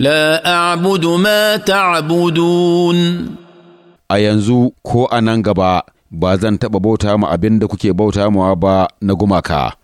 لا أعبد ما تعبدون a yanzu ko a nan gaba ba zan taɓa bauta ma abin da kuke bauta mawa ba na gumaka.